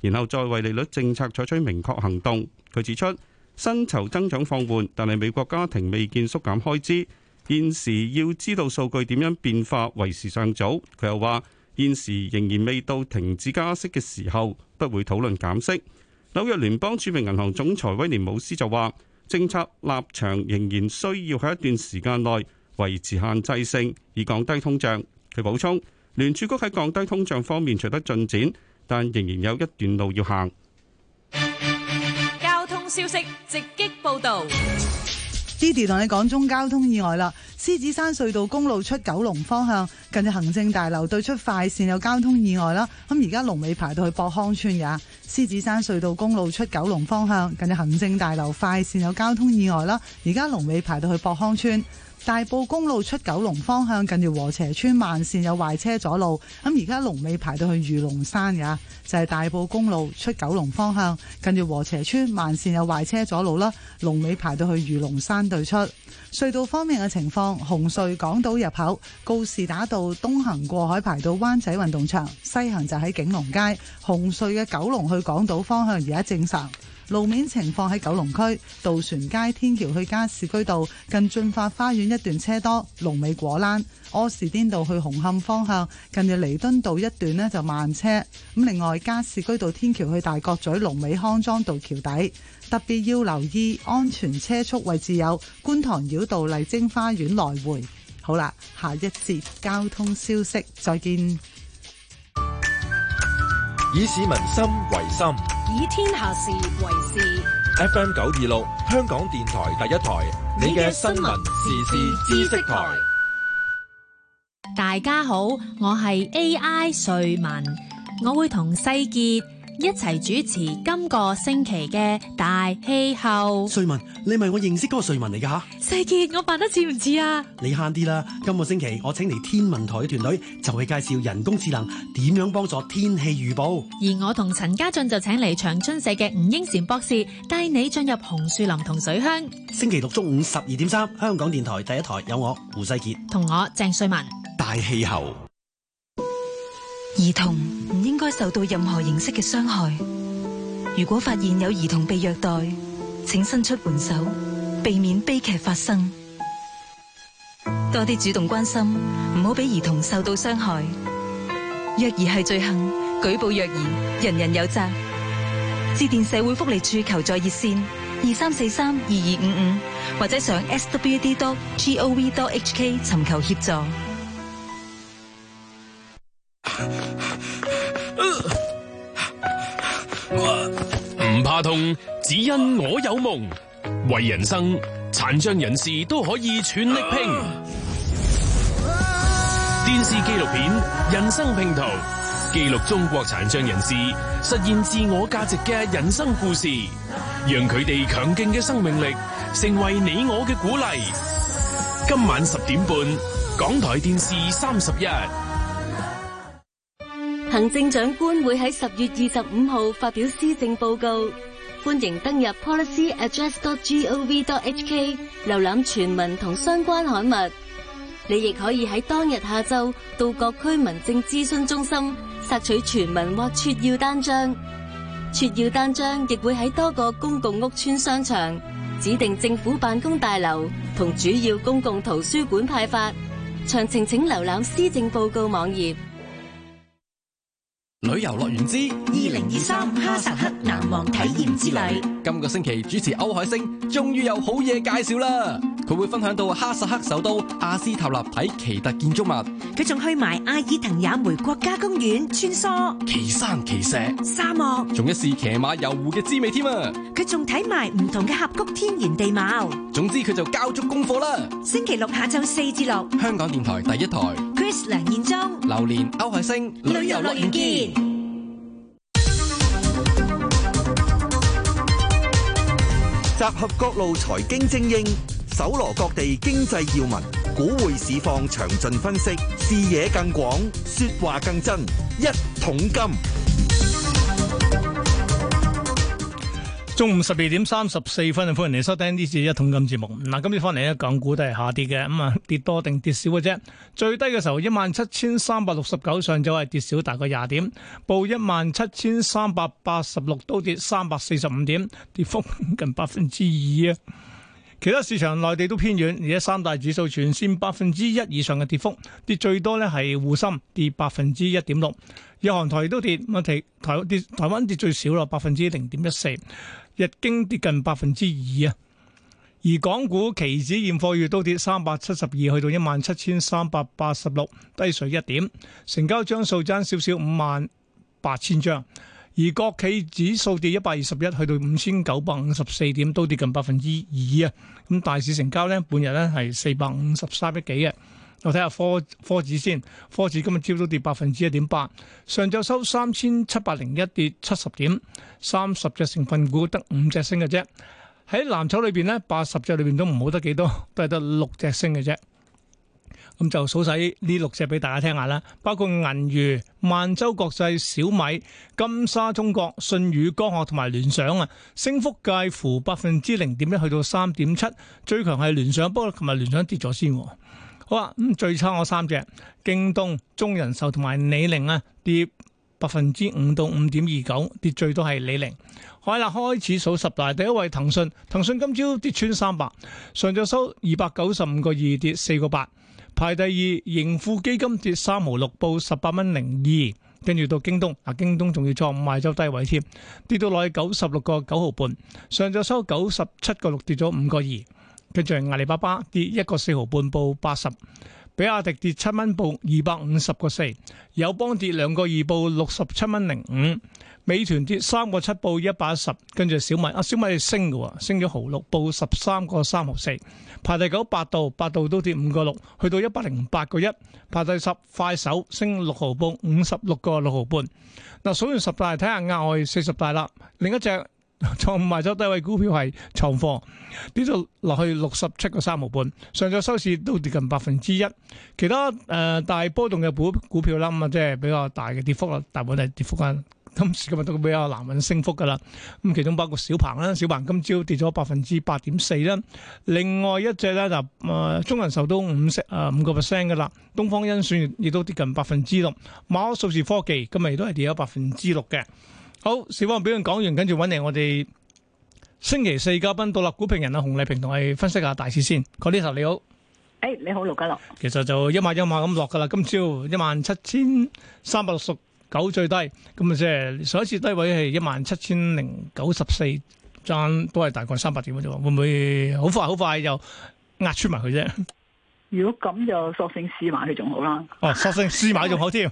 然後再為利率政策採取明確行動。佢指出，薪酬增長放緩，但係美國家庭未見縮減開支。現時要知道數據點樣變化，為時尚早。佢又話，現時仍然未到停止加息嘅時候，不會討論減息。紐約聯邦儲備銀行總裁威廉姆斯就話，政策立場仍然需要喺一段時間內維持限制性，以降低通脹。佢補充，聯儲局喺降低通脹方面取得進展。但仍然有一段路要行。交通消息直擊報道 Didi 同你講中交通意外啦。獅子山隧道公路出九龍方向，近住行政大樓對出快綫有交通意外啦。咁而家龍尾排到去博康村㗎。獅子山隧道公路出九龍方向，近住行政大樓快綫有交通意外啦。而家龍尾排到去博康村。大埔公路出九龍方向，近住禾輋村慢綫有壞車阻路，咁而家龍尾排到去御龍山噶，就係、是、大埔公路出九龍方向，近住禾輋村慢綫有壞車阻路啦，龍尾排到去御龍山對出。隧道方面嘅情況，紅隧港島入口告士打道東行過海排到灣仔運動場，西行就喺景隆街。紅隧嘅九龍去港島方向而家正常。路面情況，喺九龍區渡船街天橋去加士居道近駿發花園一段車多，龍尾果欄；柯士甸道去紅磡方向近日彌敦道一段呢就慢車。咁另外，加士居道天橋去大角咀龍尾康莊道橋底，特別要留意安全車速位置有觀塘繞道麗晶花園來回。好啦，下一節交通消息，再見。以市民心為心。以天下事為事。FM 九二六，香港電台第一台，你嘅新聞時事知識台。大家好，我係 AI 瑞文，我會同世傑。一齊主持今個星期嘅大氣候。瑞文，你係咪我認識嗰個瑞文嚟噶吓？世杰，我扮得似唔似啊？你慳啲啦，今個星期我請嚟天文台嘅團隊，就係介紹人工智能點樣幫助天氣預報。而我同陳家俊就請嚟長春社嘅吳英賢博士，帶你進入紅樹林同水鄉。星期六中午十二點三，3, 香港電台第一台有我胡世杰同我鄭瑞文大氣候。兒童唔應該受到任何形式嘅傷害。如果發現有兒童被虐待，請伸出援手，避免悲劇發生。多啲主動關心，唔好俾兒童受到傷害。虐兒係罪行，舉報虐兒，人人有責。致電社會福利署求助熱線二三四三二二五五，5, 或者上 swd.gov.hk 尋求協助。唔怕痛，只因我有夢。為人生，殘障人士都可以全力拼。啊、電視紀錄片《人生拼圖》，記錄中國殘障人士實現自我價值嘅人生故事，讓佢哋強勁嘅生命力成為你我嘅鼓勵。今晚十點半，港台電視三十一。行政長官會喺十月二十五號發表施政報告，歡迎登入 policyaddress.gov.hk 瀏覽全文同相關刊物。你亦可以喺當日下晝到各區民政諮詢中心索取全文或撮要單張。撮要單張亦會喺多個公共屋邨商場、指定政府辦公大樓同主要公共圖書館派發。詳情請瀏覽施政報告網頁。旅遊樂園之二零二三哈薩克難忘體驗之旅，今個星期主持歐海星終於有好嘢介紹啦！佢會分享到哈薩克首都阿斯塔納睇奇特建築物，佢仲去埋阿爾騰雅梅國家公園穿梭奇山奇石、沙漠，仲一試騎馬遊湖嘅滋味添啊！佢仲睇埋唔同嘅峽谷天然地貌，總之佢就交足功課啦！星期六下晝四至六，香港電台第一台。梁建中、榴蓮、歐海星、旅遊樂園見，集合各路財經精英，搜羅各地經濟要聞，股匯市況詳盡分析，視野更廣，說話更真，一桶金。中午十二點三十四分，歡迎嚟收聽呢次一桶金節目。嗱，今次翻嚟咧，港股都係下跌嘅，咁、嗯、啊，跌多定跌少嘅啫。最低嘅時候一萬七千三百六十九，上晝係跌少大概廿點，報一萬七千三百八十六，都跌三百四十五點，跌幅近百分之二啊。其他市場內地都偏軟，而家三大指數全線百分之一以上嘅跌幅，跌最多呢係滬深跌百分之一點六，日韓台都跌，問題台跌台灣跌最少咯，百分之零點一四。日經跌近百分之二啊，而港股期指現貨月都跌三百七十二，去到一萬七千三百八十六，低水一點，成交張數爭少少五萬八千張，而國企指數跌一百二十一，去到五千九百五十四點，都跌近百分之二啊，咁大市成交呢，半日呢係四百五十三億幾嘅。我睇下科科指先，科指今日朝早跌百分之一點八，上晝收三千七百零一跌七十點，三十隻成分股得五隻升嘅啫。喺藍籌裏邊呢，八十隻裏邊都唔好得幾多，都係得六隻升嘅啫。咁就數晒呢六隻俾大家聽下啦。包括銀娛、萬洲國際、小米、金沙中國、信宇光學同埋聯想啊，升幅介乎百分之零點一，去到三點七。最強係聯想，不過琴日聯想跌咗先。咁、啊、最差我三隻，京東、中人壽同埋李寧啊，跌百分之五到五點二九，跌最多係李寧。好啦、啊，開始數十大，第一位騰訊，騰訊今朝跌穿三百，上晝收二百九十五個二，跌四個八，排第二，盈富基金跌三毫六，報十八蚊零二，跟住到京東，啊京東仲要再賣咗低位添，跌到落去九十六個九毫半，上晝收九十七個六，跌咗五個二。跟住阿里巴巴跌一個四毫半，報八十，比亞迪跌七蚊，報二百五十個四，友邦跌兩個二，報六十七蚊零五，美團跌三個七，報一百一十，跟住小米，阿小米升嘅，升咗毫六，報十三個三毫四，排第九，百度，百度都跌五個六，去到一百零八個一，排第十，快手，升六毫半，報五十六個六毫半，嗱，數完十大，睇下額外四十大啦，另一隻。創埋咗低位股票係創貨跌到落去六十七個三毫半，上咗收市都跌近百分之一。其他誒、呃、大波動嘅股股票啦，咁啊即係比較大嘅跌幅啦，大部分係跌幅緊。今時今日都比較難揾升幅噶啦。咁其中包括小鵬啦，小鵬今朝跌咗百分之八點四啦。另外一隻咧就誒中銀壽都五十五個 percent 噶啦，東方甄選亦都跌近百分之六，馬可數字科技今日亦都係跌咗百分之六嘅。好，小方表演講完，跟住揾嚟我哋星期四嘉賓獨立股評人啊，洪麗萍同我哋分析下大市先。嗰呢頭你好，誒你好，盧家樂。其實就一萬一萬咁落噶啦，今朝一萬七千三百六十九最低，咁啊即係上一次低位係一萬七千零九十四，爭都係大概三百點蚊啫，會唔會好快好快又壓出埋佢啫？如果咁就索性試埋佢仲好啦。哦，索性試埋仲好添。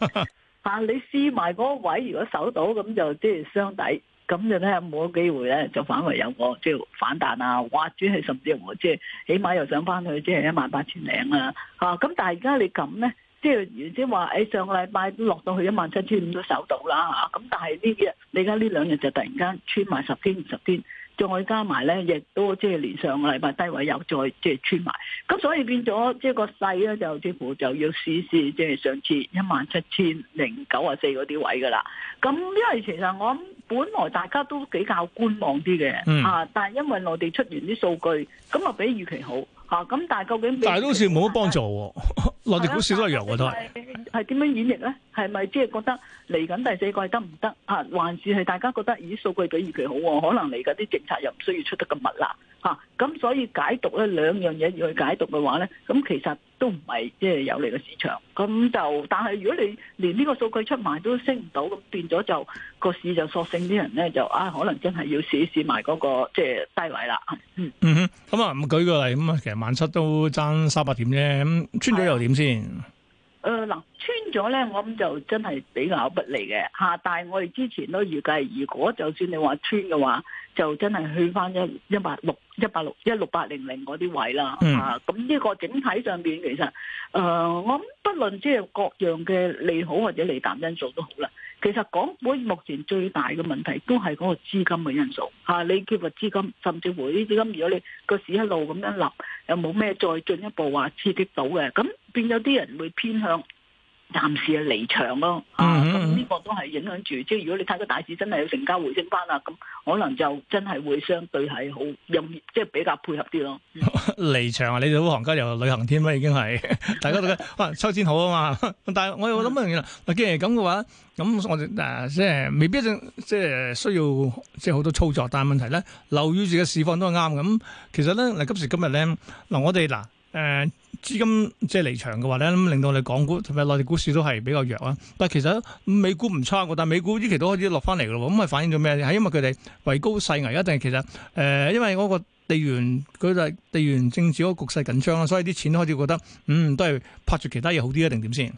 但、啊、你試埋嗰個位，如果守到咁就即係雙底，咁就睇下冇機會咧，就反為有個即係反彈啊，挖轉去，甚至乎即係起碼又上翻去即係一萬八千零啦。啊，咁、啊、但係而家你咁咧，即係原先話誒，上個禮拜都落到去一萬七千五都守到啦。咁、啊、但係呢日你家呢兩日就突然間穿埋十天二十天。再加埋咧，亦都即係連上個禮拜低位又再即係穿埋，咁所以變咗即係個勢咧就似乎就要試試即係上次一萬七千零九啊四嗰啲位噶啦。咁因為其實我諗本來大家都比較觀望啲嘅嚇，但係因為內地出完啲數據，咁就比預期好。啊！咁但係究竟，但係好似冇乜幫助喎，內地股市都係一樣，都係 的。係點、就是、 樣演繹咧？係咪即係覺得嚟緊第四季得唔得？嚇、啊，還是係大家覺得以數據比預期好喎、啊？可能嚟緊啲政策又唔需要出得咁密啦。嚇、啊，咁所以解讀咧兩樣嘢要去解讀嘅話咧，咁其實。都唔係即係有利嘅市場，咁就但係如果你連呢個數據出埋都升唔到，咁變咗就個市就索性啲人咧就啊、哎，可能真係要試一試埋、那、嗰個即係低位啦。嗯，嗯哼，咁、嗯、啊，舉個例咁啊，其實萬七都爭三百點啫，咁穿咗又點先？誒，嗱、呃、穿咗咧，我諗就真係比較不利嘅吓。但係我哋之前都預計，如果就算你話穿嘅話，就真係去返一一八六一八六一六八零零嗰啲位啦吓。咁呢、嗯呃、個整體上面，其實誒，我諗不論即係各樣嘅利好或者利淡因素都好啦。其實港股目前最大嘅問題都係嗰個資金嘅因素吓，你缺乏資金，甚至乎啲資金，如果你個市一路咁樣立，又冇咩再進一步話刺激到嘅，咁變咗啲人會偏向。暫時啊離場咯，嗯嗯嗯啊咁呢，這個都係影響住，即係如果你睇個大市真係要成交回升翻啦，咁可能就真係會相對係好，又即係比較配合啲咯。離場啊！你哋行家又旅，旅行添啦，已經係 大家對嘅。哇，秋天好啊嘛， 但係我又諗一、嗯、既然係咁嘅話，咁我哋誒、呃、即係未必即係需要即係好多操作，但係問題咧，留意住嘅市況都係啱嘅。咁、嗯、其實咧，嗱今時今日咧，嗱我哋嗱。誒，資金即係離場嘅話咧，咁令到你港股同埋內地股市都係比較弱啊。但係其實美股唔差嘅，但係美股呢期都開始落翻嚟咯。咁係反映咗咩咧？係因為佢哋位高勢危啊，定係其實誒、呃，因為嗰個地緣佢就係地緣政治嗰個局勢緊張啊，所以啲錢開始覺得，嗯，都係拍住其他嘢好啲啊，定點先？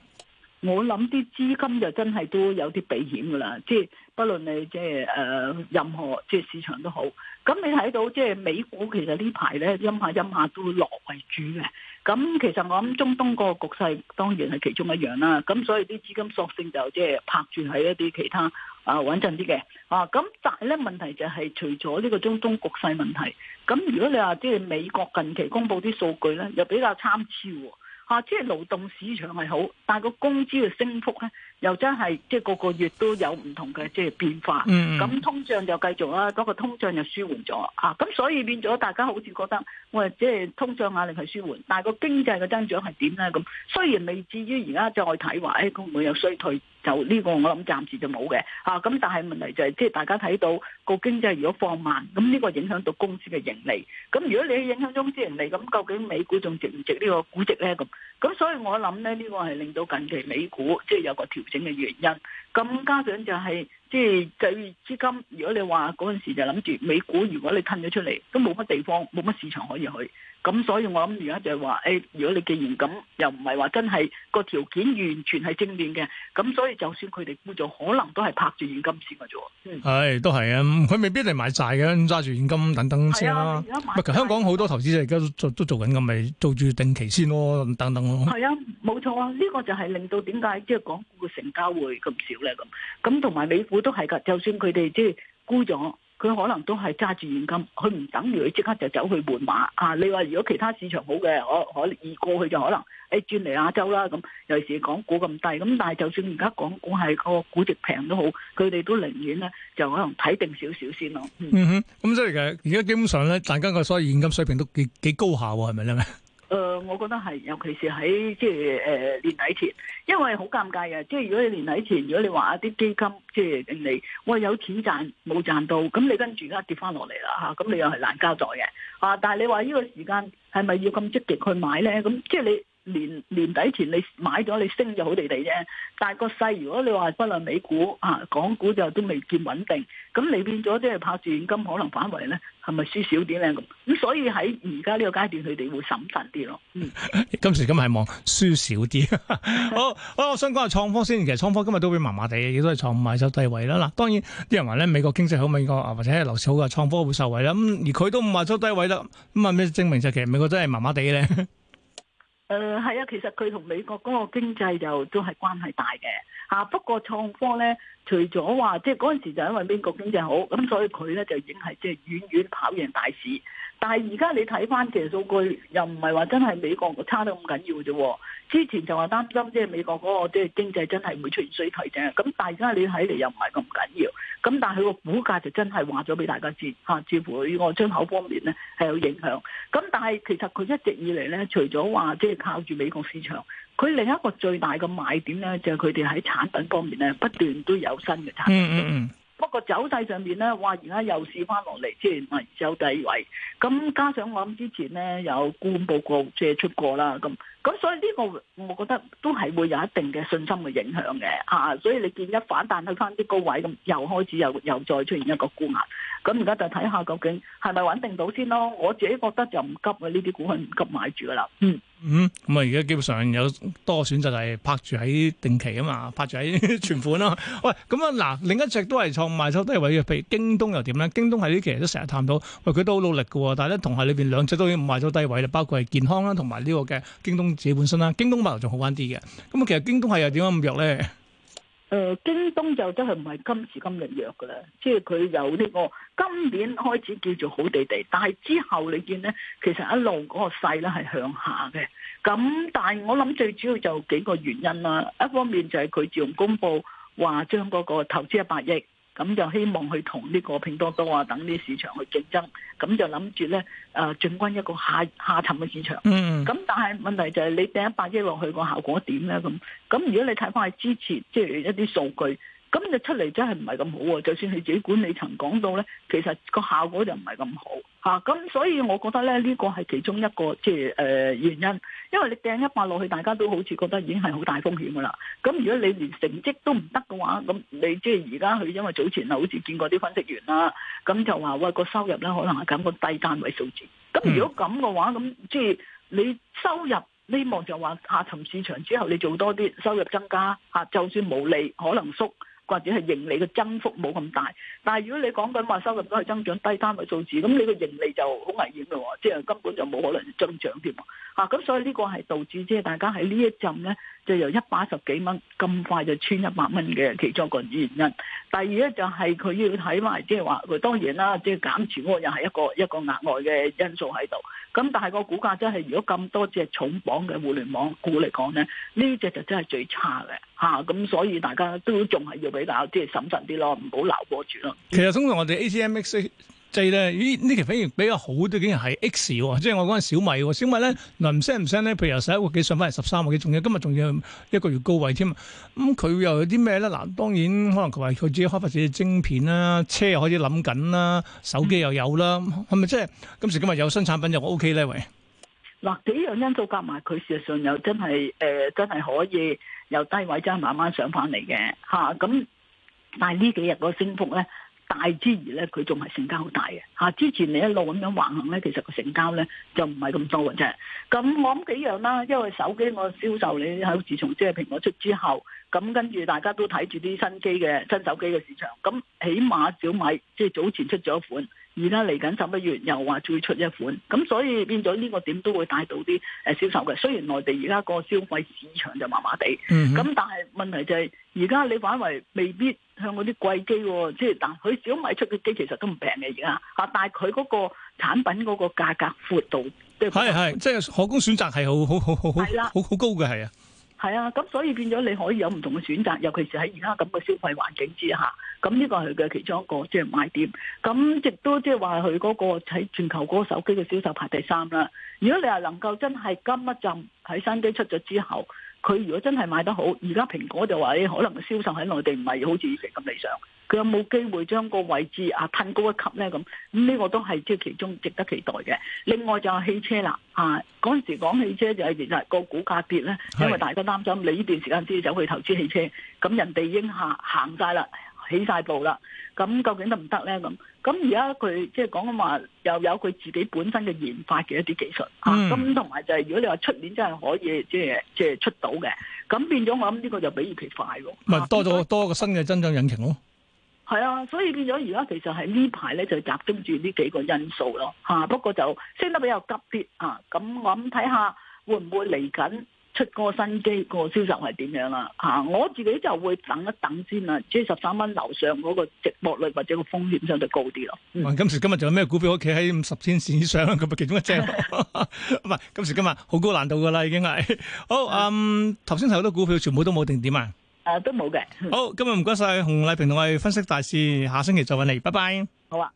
我諗啲資金就真係都有啲避險㗎啦，即係不論你即係誒任何即係市場都好，咁你睇到即係美股其實呢排咧陰下陰下都落為主嘅，咁其實我諗中東嗰個局勢當然係其中一樣啦，咁所以啲資金索性就即係拍住喺一啲其他啊穩陣啲嘅啊，咁但係咧問題就係除咗呢個中東局勢問題，咁如果你話即係美國近期公布啲數據咧，又比較參差喎。吓，即係勞動市場係好，但係個工資嘅升幅咧。又真係即係個個月都有唔同嘅即係變化，咁、mm hmm. 通脹就繼續啦，不、那、過、個、通脹就舒緩咗啊！咁所以變咗大家好似覺得，喂即係通脹壓力係舒緩，但係個經濟嘅增長係點咧？咁雖然未至於而家再睇話，誒會唔會有衰退？就呢個我諗暫時就冇嘅嚇。咁、啊、但係問題就係、是、即係大家睇到個經濟如果放慢，咁呢個影響到公司嘅盈利。咁如果你影響到公司盈利，咁究竟美股仲值唔值呢個估值咧？咁咁所以我諗咧，呢、這個係令到近期美股即係有個調。整嘅原因，咁家長就係、是、即係計資金。如果你話嗰陣時就諗住美股，如果你褪咗出嚟，都冇乜地方，冇乜市場可以去。咁所以我諗而家就係話，誒，如果你既然咁，又唔係話真係個條件完全係正面嘅，咁所以就算佢哋沽咗，可能都係拍住現金先嘅啫。嗯，係，都係啊，佢未必嚟買債嘅，揸住現金等等先啦。係啊，而家香港好多投資者而家都做都做緊咁，咪做住定期先咯，等等咯。係啊，冇錯啊，呢個就係令到點解即係港股嘅成交會咁少咧？咁咁同埋美股都係噶，就算佢哋即係沽咗。佢可能都係揸住現金，佢唔等於佢即刻就走去換馬啊！你話如果其他市場好嘅，我可以過去就可能誒、欸、轉嚟亞洲啦。咁尤其是港股咁低，咁但係就算而家港股係個估值平都好，佢哋都寧願咧就可能睇定少少先咯。嗯，嗯哼，咁所以其實而家基本上咧，大家個所謂現金水平都幾幾高下喎、啊，係咪咧？ 誒、呃，我覺得係，尤其是喺即係誒、呃、年底前，因為好尷尬嘅，即係如果你年底前，如果你話一啲基金即係經理，我、哎、有錢賺冇賺到，咁你跟住而家跌翻落嚟啦嚇，咁、啊、你又係難交代嘅啊！但係你話呢個時間係咪要咁積極去買咧？咁即係你年年底前你買咗你升就好地地啫，但係個勢如果你話不論美股啊港股就都未見穩定，咁你變咗即係拍住現金可能反回咧。係咪輸少啲咧？咁咁所以喺而家呢個階段，佢哋會審慎啲咯。嗯， 今時今日係望輸少啲。 好，好，我想講下創科先。其實創科今日都會麻麻地，亦都係創五賣咗低位啦。嗱，當然啲人話咧，美國經濟好，美國啊或者樓市好嘅，創科會受惠啦。咁而佢都唔賣咗低位啦。咁啊咩證明就其實美國真係麻麻地咧。 誒，係、嗯、啊，其實佢同美國嗰個經濟就都係關係大嘅吓。不過創科咧，除咗話即係嗰陣時就因為美國經濟好，咁所以佢咧就已經係即係遠遠跑贏大市。但係而家你睇返，其實數據又唔係話真係美國差得咁緊要啫。之前就話擔心即係美國嗰個即係經濟真係會出現衰退嘅，咁大家你睇嚟又唔係咁緊要。咁但係佢個股價就真係話咗俾大家知，啊，似乎佢個出口方面咧係有影響。咁但係其實佢一直以嚟咧，除咗話即係靠住美國市場，佢另一個最大嘅賣點咧，就係佢哋喺產品方面咧不斷都有新嘅產品。嗯嗯嗯。不過走勢上面咧，哇！而家又試翻落嚟，即係走低位。咁加上我諗之前咧有沽空報告即係出過啦，咁咁所以呢個我覺得都係會有一定嘅信心嘅影響嘅啊！所以你見一反彈去翻啲高位，咁又開始又又再出現一個沽壓。咁而家就睇下究竟係咪穩定到先咯。我自己覺得就唔急嘅呢啲股份，唔急買住噶啦，嗯。嗯，咁啊而家基本上有多個選擇，就係拍住喺定期啊嘛，拍住喺存款咯、啊。喂，咁啊嗱，另一隻都係創賣咗低位嘅。譬如京東又點咧？京東係啲其實都成日探到，喂佢都好努力嘅，但係咧同係裏邊兩隻都已經賣咗低位啦，包括係健康啦，同埋呢個嘅京東自己本身啦。京東物流仲好玩啲嘅，咁、嗯、啊其實京東係又點樣咁弱咧？誒、呃，京東就真係唔係今時今日弱嘅啦，即係佢由呢個今年開始叫做好地地，但係之後你見呢，其實一路嗰個勢咧係向下嘅。咁，但係我諗最主要就幾個原因啦，一方面就係佢自從公布話將嗰個投資一百億。咁就希望去同呢個拼多多啊等啲市場去競爭，咁就諗住咧，誒、啊、進軍一個下下沉嘅市場。嗯、mm，咁、hmm。但係問題就係你掟一百億落去個效果點咧？咁咁如果你睇翻去之前即係一啲數據。咁你出嚟真係唔係咁好喎，就算係自己管理層講到咧，其實個效果就唔係咁好嚇。咁、啊、所以我覺得咧，呢個係其中一個即係誒原因，因為你掟一筆落去，大家都好似覺得已經係好大風險㗎啦。咁、啊、如果你連成績都唔得嘅話，咁你即係而家佢因為早前啊，好似見過啲分析員啦，咁就話喂個收入咧可能係減個低單位數字。咁、啊、如果咁嘅話，咁即係你收入希望就話下沉市場之後你做多啲收入增加嚇、啊，就算冇利可能縮。或者係盈利嘅增幅冇咁大，但係如果你講緊話收入都係增長低單位數字，咁你個盈利就好危險咯，即係根本就冇可能增長添啊！咁所以呢個係導致即係大家喺呢一陣咧，就由一百十幾蚊咁快就穿一百蚊嘅其中一個原因。第二咧就係佢要睇埋即係話佢當然啦，即係減持嗰個又係一個一個額外嘅因素喺度。咁但係個股價真係，如果咁多隻重磅嘅互聯網股嚟講咧，呢隻就真係最差嘅嚇。咁、啊、所以大家都仲係要俾大家即係審慎啲咯，唔好留波住咯。其實通常我哋 ATMX 即係呢期反而比較好都竟然係 X，即係我講緊小米。小米咧，唔聲唔聲咧，譬如由十一個幾上翻嚟十三個幾，仲要今日仲要一個月高位添。咁、嗯、佢又有啲咩咧？嗱，當然可能佢話佢自己開發自己晶片啦，車又可以諗緊啦，手機又有啦，係咪、嗯、即係今時今日有新產品又 O K 咧？喂，嗱，幾樣因素夾埋佢，事實上又真係誒、呃，真係可以由低位真係慢慢上翻嚟嘅嚇。咁、啊、但係呢幾日個升幅咧？大之餘咧，佢仲係成交好大嘅嚇、啊。之前你一路咁樣橫行咧，其實個成交咧就唔係咁多嘅啫。咁我諗幾樣啦，因為手機個銷售你喺自從即係蘋果出之後，咁跟住大家都睇住啲新機嘅新手機嘅市場，咁起碼小米即係、就是、早前出咗一款。而家嚟緊十一月又話最出一款，咁所以變咗呢個點都會帶到啲誒銷售嘅。雖然內地而家個消費市場就麻麻地，咁、嗯、哼但係問題就係而家你反為未必向嗰啲貴機，即、就、係、是、但佢小米出嘅機其實都唔平嘅而家，吓但係佢嗰個產品嗰個價格闊度，係係即係可供選擇係好好好好好係啦，好好，好，的好，好高嘅係啊。係啊，咁所以變咗你可以有唔同嘅選擇，尤其是喺而家咁嘅消費環境之下，咁呢個係佢嘅其中一個即係賣點。咁亦都即係話佢嗰個喺全球嗰個手機嘅銷售排第三啦。如果你係能夠真係今一陣喺新機出咗之後。佢如果真係買得好，而家蘋果就話咧、哎，可能銷售喺內地唔係好似以前咁理想。佢有冇機會將個位置啊，褪高一級咧？咁咁呢個都係即係其中值得期待嘅。另外就係汽車啦，啊嗰陣時講汽車就係、是、其實個股價跌咧，因為大家擔心你呢段時間先走去投資汽車，咁人哋已經行行曬啦，起晒步啦，咁究竟得唔得咧？咁？咁而家佢即係講緊話，又有佢自己本身嘅研發嘅一啲技術、嗯、啊，咁同埋就係、是、如果你話出年真係可以，即係即係出到嘅，咁變咗我諗呢個就比預期快喎。咪多咗、啊、多一個新嘅增長引擎咯。係啊，所以變咗而家其實係呢排咧就集中住呢幾個因素咯，吓、啊，不過就升得比較急啲啊。咁我諗睇下會唔會嚟緊。出嗰個新機，個銷售係點樣啦吓？我自己就會等一等先啦。即係十三蚊樓上嗰個值博率或者個風險相對高啲咯。唔係今時今日仲有咩股票企喺五十天綫以上咁啊？其中一隻唔係今時今日好高難度㗎喇，已經係好。嗯，頭先睇好多股票，全部都冇定點啊。誒，都冇嘅。好，今日唔該晒洪麗平同我哋分析大事，下星期再揾你，拜拜。好啊。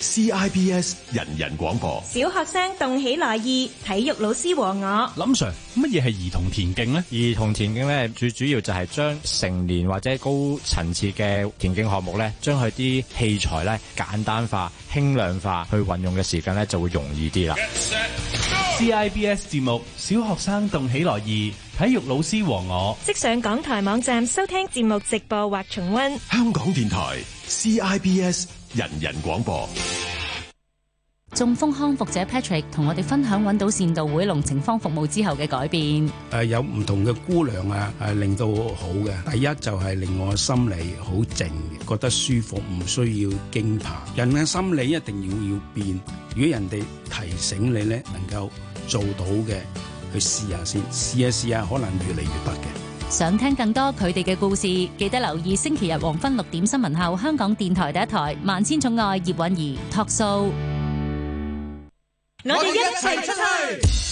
CIBS 人人廣播，小學生動起來意，體育老師和我，林 Sir 乜嘢係兒童田徑呢？兒童田徑咧，最主要就係將成年或者高層次嘅田徑項目咧，將佢啲器材咧簡單化、輕量化去運，去運用嘅時間咧就會容易啲啦。Get set, go! CIBS 節目，小學生動起來意，體育老師和我，即上港台網站收聽節目直播或重温。香港電台 CIBS。CI 人人廣播，中風康復者 Patrick 同我哋分享揾到善導會龍情方服務之後嘅改變。誒、呃，有唔同嘅姑娘啊，誒、啊，令到好嘅。第一就係令我心理好靜，覺得舒服，唔需要驚怕。人嘅心理一定要要變。如果人哋提醒你咧，能夠做到嘅，去試下先，試一下試一下，可能越嚟越得嘅。想聽更多佢哋嘅故事，記得留意星期日黃昏六點新聞後，香港電台第一台《萬千寵愛》葉韻儀 talk show。我哋一齊出去。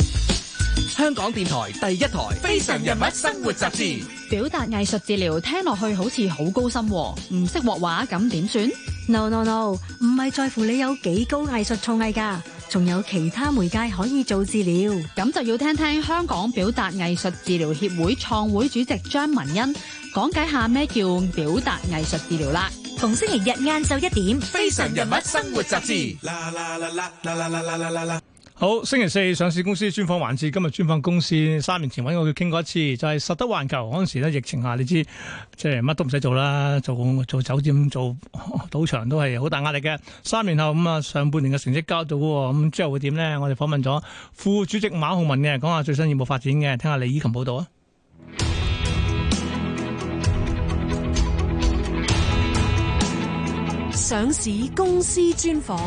香港電台第一台《非常人物生活雜誌》，表達藝術治療聽落去好似好高深，唔識畫畫咁點算？No no no，唔係在乎你有幾高藝術創意噶，仲有其他媒介可以做治療，咁就要聽聽香港表達藝術治療協會創會主席張文欣講解下咩叫表達藝術治療啦。逢星期日晏晝一點，《非常人物生活雜誌》。好，星期四上市公司專訪環節，今日專訪公司。三年前揾我佢傾過一次，就係、是、實德環球嗰陣時咧，疫情下你知，即係乜都唔使做啦，做做酒店、做賭場都係好大壓力嘅。三年後咁啊，上半年嘅成績交咗，咁之後會點咧？我哋訪問咗副主席馬浩文嘅，講下最新業務發展嘅，聽下李依琴報道啊。上市公司專訪。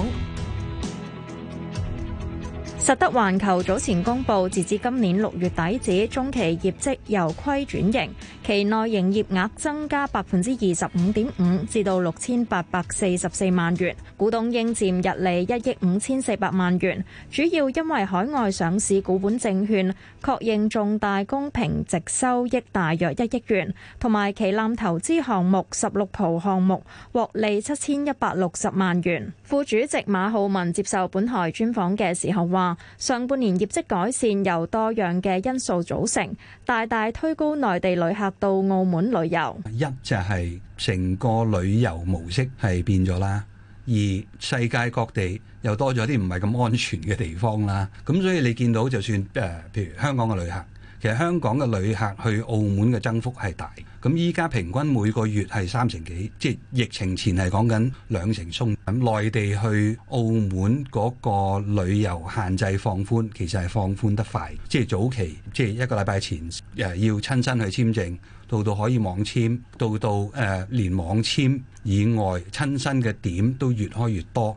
實德環球早前公布，截至今年六月底止中期業績由虧轉盈，期內營業額增加百分之二十五點五，至到六千八百四十四萬元，股東應佔溢利一億五千四百萬元，主要因為海外上市股本證券確認重大公平值收益大約一億元，同埋旗艦投資項目十六浦項目獲利七千一百六十萬元。副主席馬浩文接受本台專訪嘅時候話。上半年業績改善由多樣嘅因素組成。大大推高內地旅客到澳門旅遊。一就係成個旅遊模式係變咗啦，而世界各地又多咗啲唔係咁安全嘅地方啦，咁所以你見到就算誒、呃，譬如香港嘅旅客。其實香港嘅旅客去澳門嘅增幅係大，咁依家平均每個月係三成幾，即係疫情前係講緊兩成鬆咁。內地去澳門嗰個旅遊限制放寬，其實係放寬得快，即係早期即係一個禮拜前誒，要親身去簽證，到到可以網簽，到到誒，連網簽以外親身嘅點都越開越多。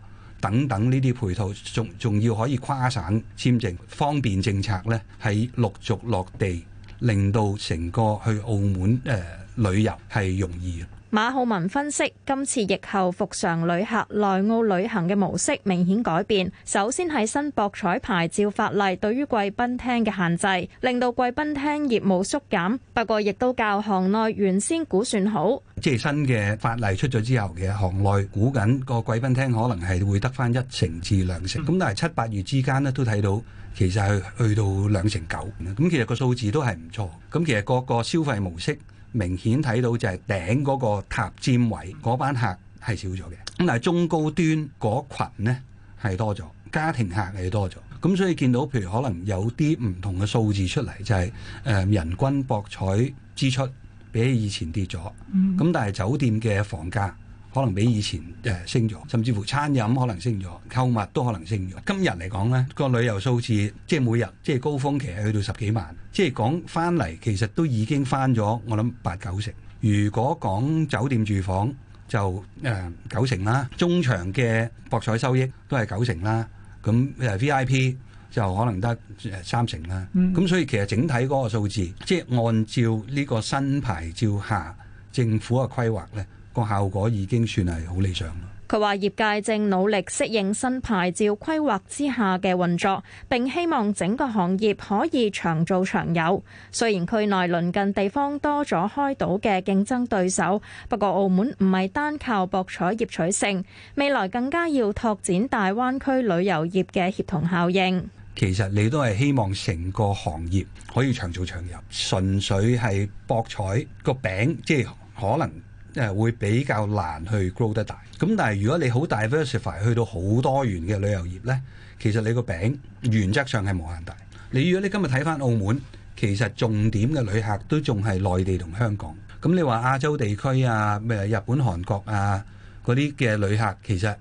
等等呢啲配套，仲仲要可以跨省簽證方便政策咧，係陸續落地，令到成個去澳門誒、呃、旅遊係容易。馬浩文分析，今次疫後復常旅客內澳旅行嘅模式明顯改變。首先係新博彩牌照法例對於貴賓廳嘅限制，令到貴賓廳業務縮減。不過亦都較行內原先估算好。即係新嘅法例出咗之後嘅行內估緊個貴賓廳可能係會得返一成至兩成。咁但係七八月之間咧都睇到，其實係去到兩成九。咁其實個數字都係唔錯。咁其實各個消費模式。明顯睇到就係頂嗰個塔尖位嗰班客係少咗嘅，咁但係中高端嗰羣呢係多咗，家庭客係多咗，咁所以見到譬如可能有啲唔同嘅數字出嚟，就係誒人均博彩支出比起以前跌咗，咁但係酒店嘅房價。可能比以前誒升咗，甚至乎餐飲可能升咗，購物都可能升咗。今日嚟講呢、呢個旅遊數字即係每日即係高峰期係去到十幾萬，即係講翻嚟其實都已經翻咗。我諗八九成，如果講酒店住房就誒、呃、九成啦，中場嘅博彩收益都係九成啦。咁誒 VIP 就可能得三成啦。咁、嗯、所以其實整體嗰個數字，即係按照呢個新牌照下政府嘅規劃呢。個效果已經算係好理想咯。佢話：業界正努力適應新牌照規劃之下嘅運作，並希望整個行業可以長做長有。雖然區內鄰近地方多咗開島嘅競爭對手，不過澳門唔係單靠博彩業取勝，未來更加要拓展大灣區旅遊業嘅協同效應。其實你都係希望成個行業可以長做長有，純粹係博彩個餅，即係可能。誒會比較難去 grow 得大，咁但係如果你好 diversify 去到好多元嘅旅遊業呢，其實你個餅原則上係無限大。你如果你今日睇翻澳門，其實重點嘅旅客都仲係內地同香港。咁你話亞洲地區啊，誒日本、韓國啊嗰啲嘅旅客，其實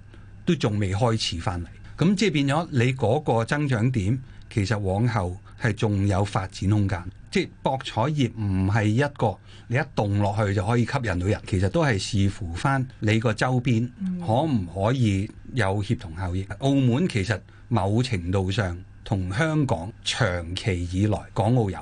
都仲未開始翻嚟。咁即係變咗你嗰個增長點，其實往後係仲有發展空間。即博彩業唔係一個你一動落去就可以吸引到人，其實都係視乎翻你個周邊可唔可以有協同效應。澳門其實某程度上。同香港長期以來港澳遊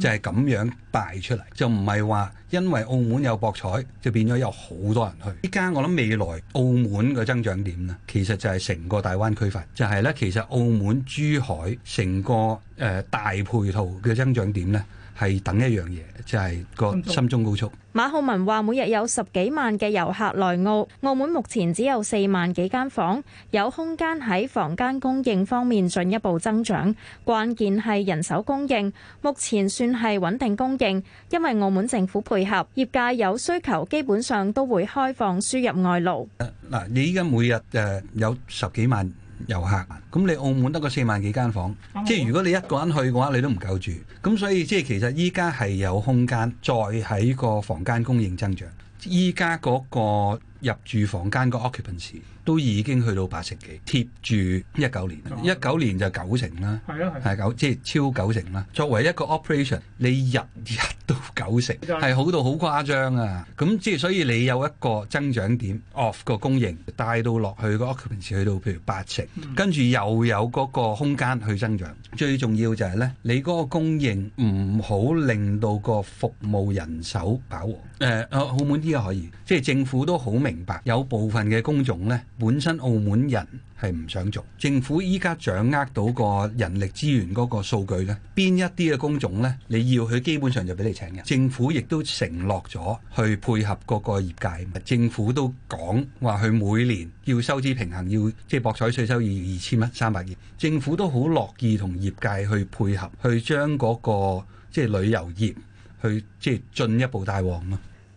就係咁樣擺出嚟，就唔係話因為澳門有博彩就變咗有好多人去。依家我諗未來澳門嘅增長點咧，其實就係成個大灣區化，就係呢。其實澳門、珠海成個誒、呃、大配套嘅增長點咧。係等一樣嘢，就係個深中高速。馬浩文話：每日有十幾萬嘅遊客來澳，澳門目前只有四萬幾間房，有空間喺房間供應方面進一步增長。關鍵係人手供應，目前算係穩定供應，因為澳門政府配合業界有需求，基本上都會開放輸入外勞。嗱，你依家每日誒有十幾萬。遊客，咁你澳門得個四萬幾間房，即係如果你一個人去嘅話，你都唔夠住，咁所以即係其實依家係有空間再喺個房間供應增長，依家嗰個入住房間個 occupancy。都已經去到八成幾，貼住一九年，一九、啊、年就九成啦，係九、啊，啊啊、即係超九成啦。作為一個 operation，你日日都九成，係、嗯、好到好誇張啊！咁即係所以你有一個增長點，off 個供應帶到落去個 occupancy 去到譬如八成，跟住、嗯、又有嗰個空間去增長。最重要就係呢，你嗰個供應唔好令到個服務人手飽和。誒，澳門啲可以，即係政府都好明白，有部分嘅工種呢，本身澳門人係唔想做。政府依家掌握到個人力資源嗰個數據咧，邊一啲嘅工種呢，你要佢基本上就俾你請人。政府亦都承諾咗去配合個個業界，政府都講話佢每年要收支平衡，要即係博彩稅收二千蚊三百億。政府都好樂意同業界去配合，去將嗰、那個即係旅遊業去即係進一步帶旺咯。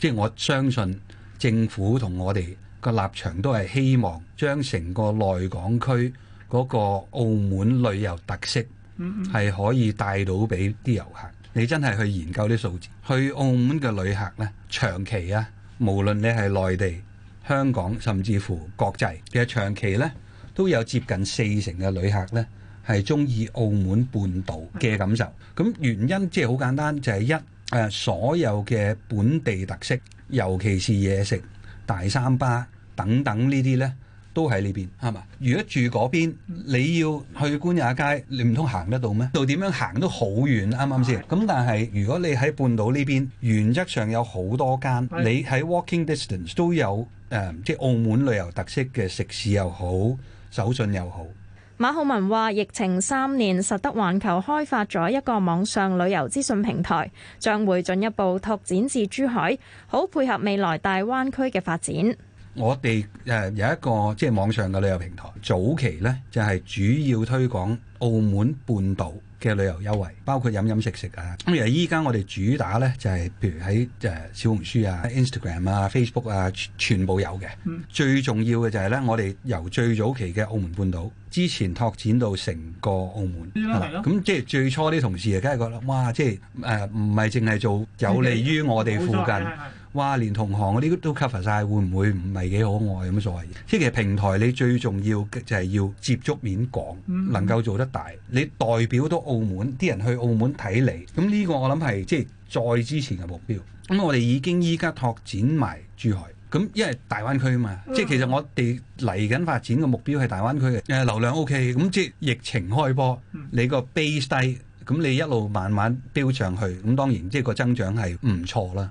即係我相信政府同我哋個立場都係希望將成個內港區嗰個澳門旅遊特色係可以帶到俾啲遊客。你真係去研究啲數字，去澳門嘅旅客呢，長期啊，無論你係內地、香港，甚至乎國際嘅長期呢都有接近四成嘅旅客呢係中意澳門半島嘅感受。咁原因即係好簡單，就係一。誒、uh, 所有嘅本地特色，尤其是嘢食、大三巴等等呢啲呢，都喺呢邊係嘛？如果住嗰邊，你要去官也街，你唔通行得到咩？到點樣行都好遠，啱啱先？咁、嗯、但係如果你喺半島呢邊，原則上有好多間，的你喺 walking distance 都有誒、呃，即澳門旅遊特色嘅食肆又好，手信又好。馬浩文話：疫情三年，實德環球開發咗一個網上旅遊資訊平台，將會進一步拓展至珠海，好配合未來大灣區嘅發展。我哋誒有一個即係、就是、網上嘅旅遊平台，早期呢就係主要推廣澳門半島嘅旅遊優惠。包括飲飲食食啊，咁而家依家我哋主打咧就係、是，譬如喺誒小紅書啊、Instagram 啊、Facebook 啊，全部有嘅。嗯、最重要嘅就係咧，我哋由最早期嘅澳門半島之前拓展到成個澳門。咁、嗯、即係最初啲同事啊，梗係覺得哇，即係誒唔係淨係做有利於我哋附近，哇，連同行嗰啲都 cover 晒，會唔會唔係幾可愛？有乜所謂？即係其實平台你最重要嘅就係要接觸面廣，能夠做得大，嗯、你代表到澳門啲人去。澳門睇嚟，咁呢個我諗係即係再之前嘅目標。咁我哋已經依家拓展埋珠海，咁因為大灣區啊嘛，嗯、即係其實我哋嚟緊發展嘅目標係大灣區嘅。誒流量 OK，咁即係疫情開波，你個 base 低，咁你一路慢慢飆上去，咁當然即係個增長係唔錯啦。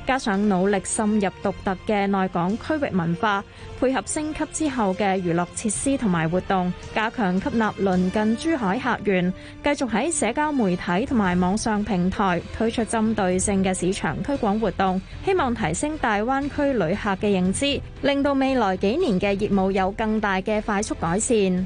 加上努力滲入獨特嘅內港區域文化，配合升級之後嘅娛樂設施同埋活動，加強吸納鄰近珠海客源，繼續喺社交媒體同埋網上平台推出針對性嘅市場推廣活動，希望提升大灣區旅客嘅認知，令到未來幾年嘅業務有更大嘅快速改善。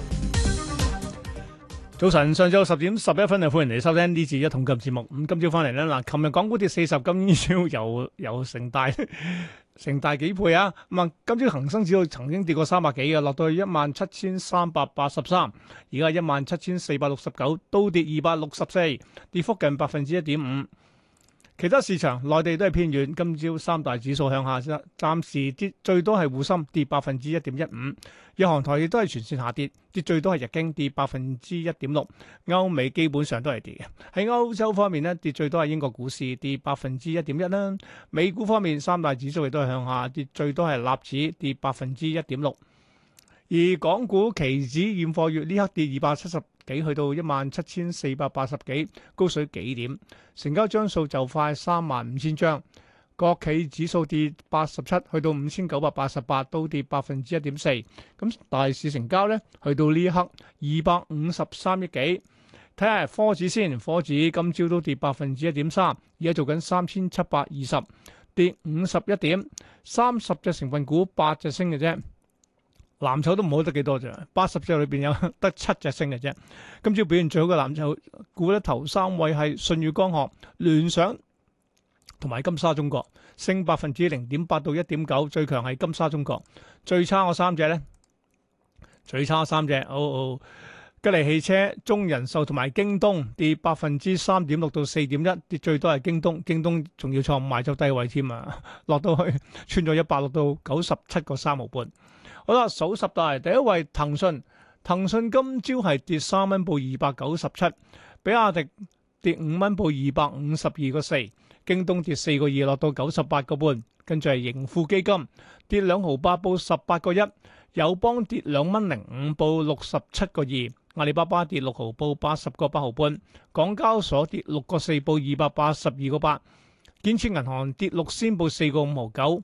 早晨，上晝十點十一分就歡迎嚟收聽呢次一桶金節目。咁今朝翻嚟啦，嗱，琴日港股跌四十，今朝又又成大成大幾倍啊？今朝恒生指數曾經跌過三百幾嘅，落到去一萬七千三百八十三，而家一萬七千四百六十九，都跌二百六十四，跌幅近百分之一點五。其他市場，內地都係偏軟。今朝三大指數向下，暫時跌最多係滬深跌百分之一點一五。日韓台亦都係全線下跌，跌最多係日經跌百分之一點六。歐美基本上都係跌嘅。喺歐洲方面咧，跌最多係英國股市跌百分之一點一啦。美股方面，三大指數亦都係向下，跌最多係納指跌百分之一點六。而港股期指現貨月呢刻跌二百七十幾，去到一萬七千四百八十幾，高水幾點？成交張數就快三萬五千張。國企指數跌八十七，去到五千九百八十八，都跌百分之一點四。咁大市成交咧，去到呢刻二百五十三億幾。睇下科指先，科指今朝都跌百分之一點三，而家做緊三千七百二十，跌五十一點。三十隻成分股八隻升嘅啫。藍籌都唔好得幾多咋，八十隻裏邊有得七隻升嘅啫。今朝表現最好嘅藍籌股咧，頭三位係舜宇光學、聯想同埋金沙中國，升百分之零點八到一點九，最強係金沙中國。最差嗰三隻咧，最差三隻，哦哦，吉利汽車、中人壽同埋京東跌百分之三點六到四點一，跌最多係京東，京東仲要創賣收低位添啊，落到去穿咗一百六到九十七個三毫半。好啦，數十大，第一位騰訊，騰訊今朝係跌三蚊，報二百九十七；比亞迪跌五蚊，報二百五十二個四；，京東跌四個二，落到九十八個半；跟住係盈富基金跌兩毫八，報十八個一；友邦跌兩蚊零五，報六十七個二；阿里巴巴跌六毫，報八十個八毫半；港交所跌六個四，報二百八十二個八；建設銀行跌六仙，報四個五毫九。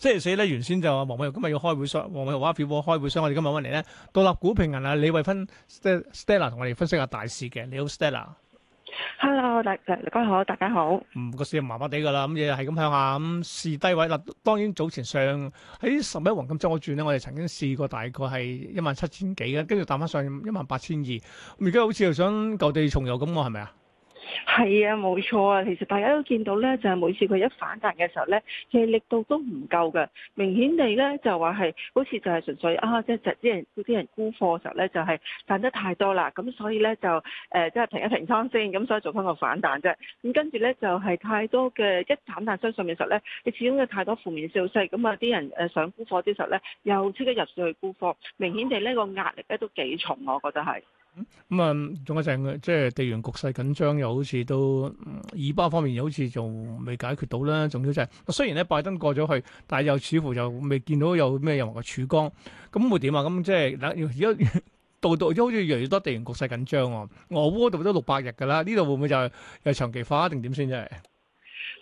星期四咧，原先就黃偉豪今日要開會商，黃偉豪阿 Phil 開會商，所以我哋今日翻嚟咧，獨立股評人啊，李慧芬 Stella 同我哋分析下大市嘅，你好 Stella。Hello，大家好，大家好。個市麻麻地噶啦，咁日日係咁向下咁、嗯、試低位啦、啊。當然早前上喺十一黃金周我轉咧，我哋曾經試過大概係一萬七千幾嘅，跟住彈翻上一萬八千二。咁而家好似又想舊地重遊咁，我係咪啊？係啊，冇錯啊！其實大家都見到呢，就係、是、每次佢一反彈嘅時候呢，其實力度都唔夠嘅，明顯地呢，就話係好似就係純粹啊，即係啲人啲人沽貨嘅時候呢，就係、是、賺得太多啦，咁所以，呃就是、平平所以呢，就誒即係停一停倉先，咁所以做翻個反彈啫。咁跟住呢，就係太多嘅一反彈相信嘅時候呢，你始終有太多負面消息，咁啊啲人誒上沽貨嘅時候呢，又即刻入去去沽貨，明顯地呢個壓力呢都幾重，我覺得係。咁啊，仲有就係即係地緣局勢緊張，又好似都，以、嗯、巴方面又好似仲未解決到啦。仲要就係、是、雖然咧拜登過咗去，但係又似乎就未見到有咩任何嘅曙光。咁會點啊？咁即係而家度度都好似越嚟越多地緣局勢緊張喎。俄烏度都六百日㗎啦，呢度會唔會就係、又長期化定點先？即係。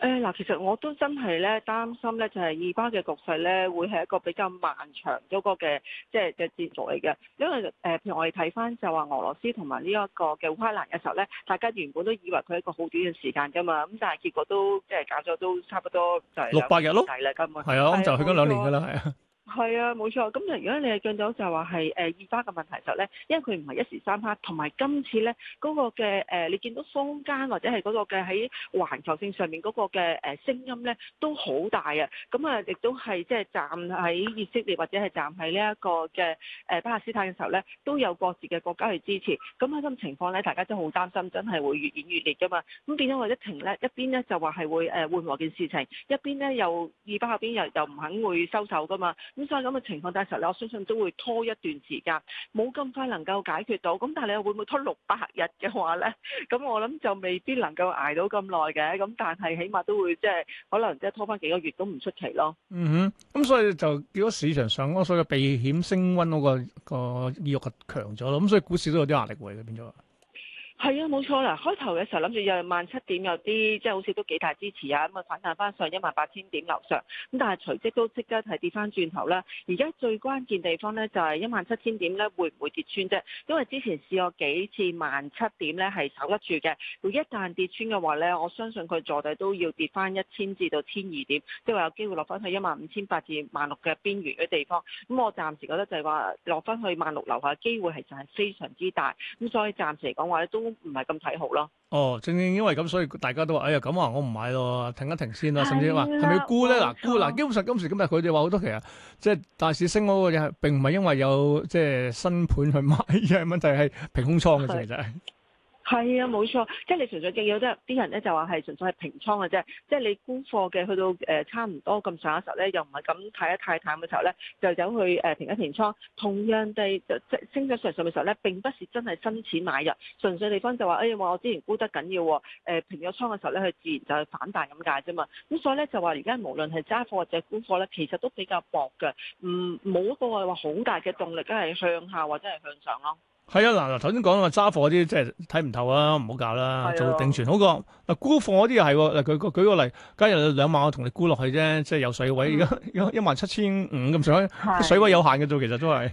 誒嗱、哎，其實我都真係咧擔心咧，就係二巴嘅局勢咧，會係一個比較漫長嗰個嘅即係嘅戰局嚟嘅。因為誒、呃，譬如我哋睇翻就話俄羅斯同埋呢一個嘅烏克蘭嘅時候咧，大家原本都以為佢係一個好短嘅時間噶嘛，咁但係結果都即係搞咗都差不多就係六百日咯，係啦根本，係啊，咁就去兩年噶啦，係啊。係啊，冇錯。咁、嗯、如果你係見到就話係誒以巴嘅問題時候咧，因為佢唔係一時三刻，同埋今次咧嗰、嗰個嘅誒、呃，你見到坊間或者係嗰個嘅喺環球性上面嗰個嘅誒聲音咧都好大啊。咁、嗯、啊，亦都係即係站喺以色列或者係站喺呢一個嘅誒巴勒斯坦嘅時候咧，都有各自嘅國家去支持。咁喺咁情況咧，大家都好擔心，真係會越演越烈噶嘛。咁變咗或者停咧，一邊咧就話係會誒緩和件事情，一邊咧又以巴嗰邊又又唔肯會收手噶嘛。嗯咁嘅情況，但係實咧，我相信都會拖一段時間，冇咁快能夠解決到。咁但係你會唔會拖六百日嘅話咧？咁我諗就未必能夠捱到咁耐嘅。咁但係起碼都會即係可能即係拖翻幾個月都唔出奇咯。嗯哼，咁所以就如果市場上嗰個避險升溫嗰個個意欲強咗咯，咁所以股市都有啲壓力喎，而家變咗。係啊，冇錯啦。開頭嘅時候諗住又萬七點有啲，即係好似都幾大支持啊，咁啊反彈翻上一萬八千點樓上。咁但係隨即都即刻係跌翻轉頭啦。而家最關鍵地方咧就係一萬七千點咧會唔會跌穿啫？因為之前試過幾次萬七點咧係守得住嘅。如果一旦跌穿嘅話咧，我相信佢坐底都要跌翻一千至到千二點，即係話有機會落翻去一萬五千八至萬六嘅邊緣嘅地方。咁我暫時覺得就係話落翻去萬六樓下機會係其實非常之大。咁所以暫時嚟講話咧都，唔係咁睇好咯。哦，正正因為咁，所以大家都話：哎呀，咁啊，我唔買咯，停一停先啦。甚至話係咪要沽咧？嗱錯，沽嗱，基本上今時今日佢哋話好多其實，即係大市升嗰個嘢，並唔係因為有即係新盤去買，而係問題係平空倉嘅事就係。對其實係啊，冇錯，即係你純粹見有啲人，啲人咧就話係純粹係平倉嘅啫。即係你沽貨嘅，去到誒差唔多咁上下時候咧，又唔係咁睇得太淡嘅時候咧，就走去誒平一平倉。同樣地，就即升咗上上嘅時候咧，並不是真係新錢買入，純粹地方就話誒、哎、我之前沽得緊要，誒平咗倉嘅時候咧，佢自然就係反彈咁解啫嘛。咁所以咧就話，而家無論係揸貨或者沽貨咧，其實都比較薄嘅，唔冇一個話好大嘅動力都係向下或者係向上咯。係啊，嗱嗱，頭先講話揸貨嗰啲即係睇唔透啊，唔好搞啦，的做定存好過。嗱沽貨嗰啲又係，嗱佢舉個例，假如兩萬我同你沽落去啫，即係有水位，而家一萬七千五咁上的水位有限嘅啫，其實都係。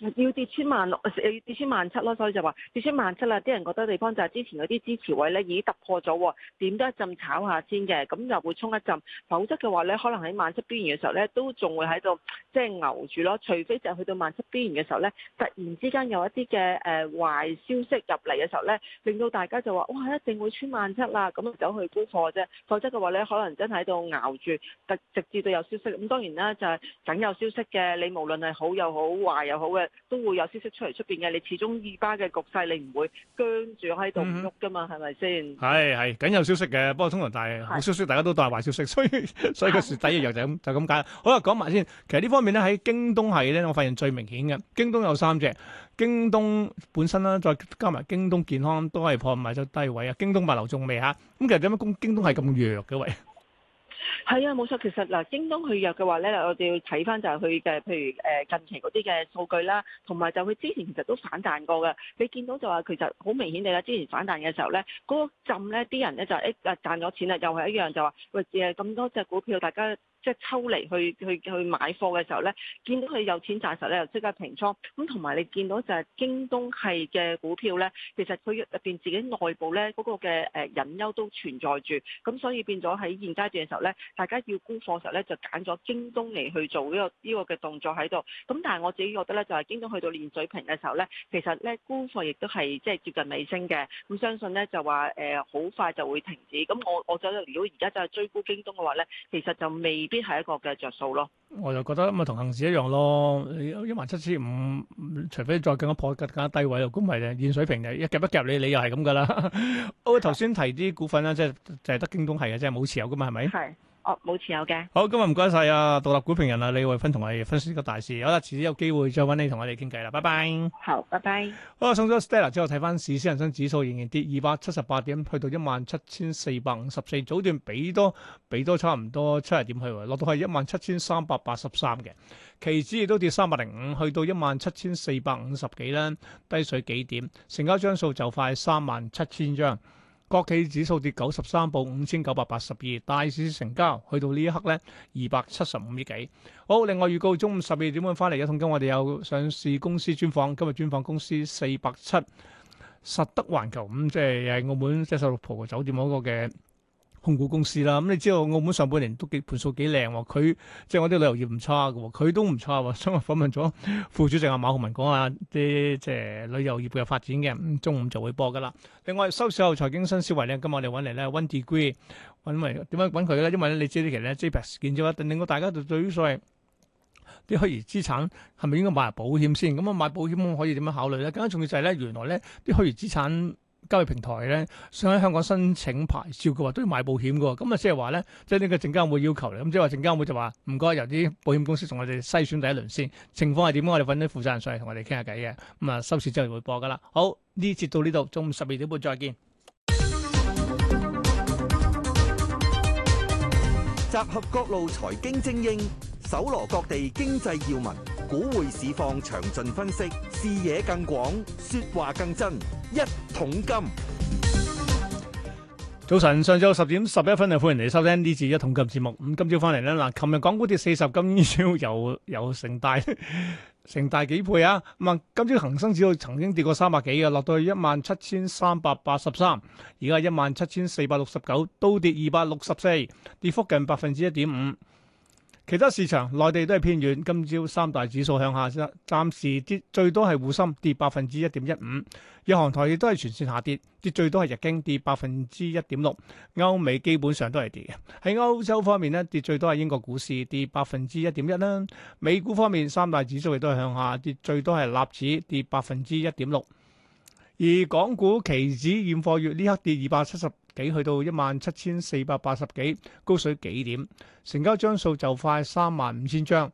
要跌穿萬六，要跌穿萬七咯，所以就話跌穿萬七啦。啲人覺得地方就係之前嗰啲支持位咧已經突破咗，點都一陣炒下先嘅，咁就會衝一陣，否則嘅話咧，可能喺萬七邊緣嘅時候咧，都仲會喺度即係熬住咯。除非就去到萬七邊緣嘅時候咧，突然之間有一啲嘅誒壞消息入嚟嘅時候咧，令到大家就話哇一定會穿萬七啦，咁走去沽貨啫。否則嘅話咧，可能真係喺度熬住，特直至到有消息。咁當然啦，就係、是、等有消息嘅，你無論係好又好壞又好嘅。都會有消息出嚟，出邊嘅，你始終二巴嘅局勢，你唔會僵住喺度唔喐㗎嘛？係咪先係，係梗有消息嘅，不過通常大好消息，大家都都帶壞消息，所以所以個蝕底嘅藥就咁就咁解。好啦，講埋先，其實呢方面咧喺京東系咧，我發現最明顯嘅京東有三隻，京東本身啦，再加埋京東健康都係破埋咗低位啊。京東物流仲未吓，咁其實點解公京東係咁弱嘅位？係啊，冇錯，其實嗱，京東去約嘅話咧，我哋要睇翻就係佢嘅，譬如誒近期嗰啲嘅數據啦，同埋就佢之前其實都反彈過嘅。你見到就話其實好明顯地啦，之前反彈嘅時候咧，嗰陣咧啲人咧就誒賺咗錢啦，又係一樣就話喂誒咁多隻股票，大家。即係抽嚟去去去買貨嘅時候咧，見到佢有錢賺嘅時候咧，又即刻平倉。咁同埋你見到就係京東係嘅股票咧，其實佢入邊自己內部咧嗰個嘅誒隱憂都存在住。咁所以變咗喺現階段嘅時候咧，大家要沽貨嘅時候咧，就揀咗京東嚟去做呢個呢個嘅動作喺度。咁但係我自己覺得咧，就係京東去到連水平嘅時候咧，其實咧沽貨亦都係即係接近尾聲嘅。咁相信咧就話誒好快就會停止。咁我我走咗如果而家就係追沽京東嘅話咧，其實就未必。呢啲係一個嘅着數咯，我就覺得咁啊，同行市一樣咯，一萬七千五，除非再更加破更加低位，又估唔係嘅現水平，就一夾一夾你，你又係咁噶啦。我頭先提啲股份啦，即係就係、是、得京東係嘅，即係冇持有噶嘛，係咪？係。哦，冇持有嘅。好，今日唔該晒啊，獨立股評人啊，李慧芬同我哋分析呢個大市。好啦，遲啲有機會再揾你同我哋傾偈啦，拜拜。好，拜拜。好啊，送咗 Stella 之後，睇翻市，市，先恒生指數仍然跌二百七十八點，去到一萬七千四百五十四，早段比多比多差唔多七十點去，落到係一萬七千三百八十三嘅。期指亦都跌三百零五，去到一萬七千四百五十幾啦，低水幾點？成交張數就快三萬七千張。國企指數跌九十三，報五千九百八十二，大市成交去到呢一刻咧二百七十五億幾。好，另外預告中午十二點半翻嚟一桶金，我哋有上市公司專訪。今日專訪公司四百七實德環球，五，即係澳門即十六鋪嘅酒店嗰個嘅控股公司啦，咁、嗯、你知道澳門上半年都幾盤數幾靚喎，佢即係我啲旅遊業唔差嘅，佢都唔差喎。所以我訪問咗副主席阿馬浩文講下啲即係旅遊業嘅發展嘅、嗯，中午就會播噶啦。另外收市後財經新思維咧，今日我哋揾嚟咧，One Degree 揾嚟點樣揾佢咧？因為你知呢期實咧 JPEX 見咗一定令到大家就對於所謂啲虛擬資產係咪應該買保險先？咁、嗯、啊買保險可以點樣考慮咧？更加重要就係咧，原來咧啲虛擬資產。交易平台咧想喺香港申請牌照嘅話，都要買保險嘅喎。咁啊，即係話咧，即係呢個證監會要求嚟。咁即係話證監會就話唔該，由啲保險公司同我哋篩選第一輪先。情況係點？我哋揾啲負責人上嚟同我哋傾下偈嘅。咁、嗯、啊，收市之後會播噶啦。好，呢節到呢度，中午十二點半再見。集合各路財經精英，搜羅各地經濟要聞。股匯市況詳盡分析，視野更廣，說話更真。一桶金，早晨，上晝十點十一分就歡迎你收聽呢次一桶金節目。咁今朝翻嚟啦，嗱，琴日港股跌四十，今朝又又成大成大幾倍啊？咁啊，今朝恒生指數曾經跌過三百幾嘅，落到去一萬七千三百八十三，而家一萬七千四百六十九，都跌二百六十四，跌幅近百分之一點五。其他市場，內地都係偏軟。今朝三大指數向下，暫時跌最多係滬深跌百分之一點一五。日韓台亦都係全線下跌，跌最多係日經跌百分之一點六。歐美基本上都係跌嘅。喺歐洲方面咧，跌最多係英國股市跌百分之一點一啦。美股方面，三大指數亦都係向下，跌最多係納指跌百分之一點六。而港股期指現貨月呢刻跌二百七十幾，去到一萬七千四百八十幾，高水幾點？成交張數就快三萬五千張。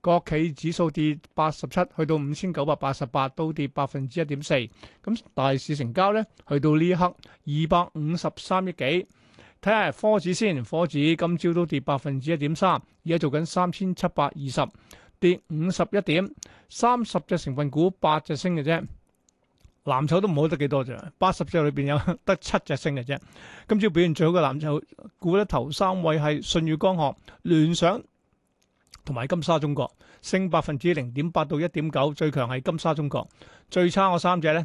國企指數跌八十七，去到五千九百八十八，都跌百分之一點四。咁大市成交咧，去到呢一刻二百五十三億幾。睇下科指先，科指今朝都跌百分之一點三，而家做緊三千七百二十，跌五十一點，三十隻成分股八隻升嘅啫。藍籌都唔好得幾多啫，八十隻裏邊有得七隻升嘅啫。今朝表現最好嘅藍籌股咧，頭三位係舜宇光學、聯想同埋金沙中國，升百分之零點八到一點九。最強係金沙中國，最差嗰三隻咧，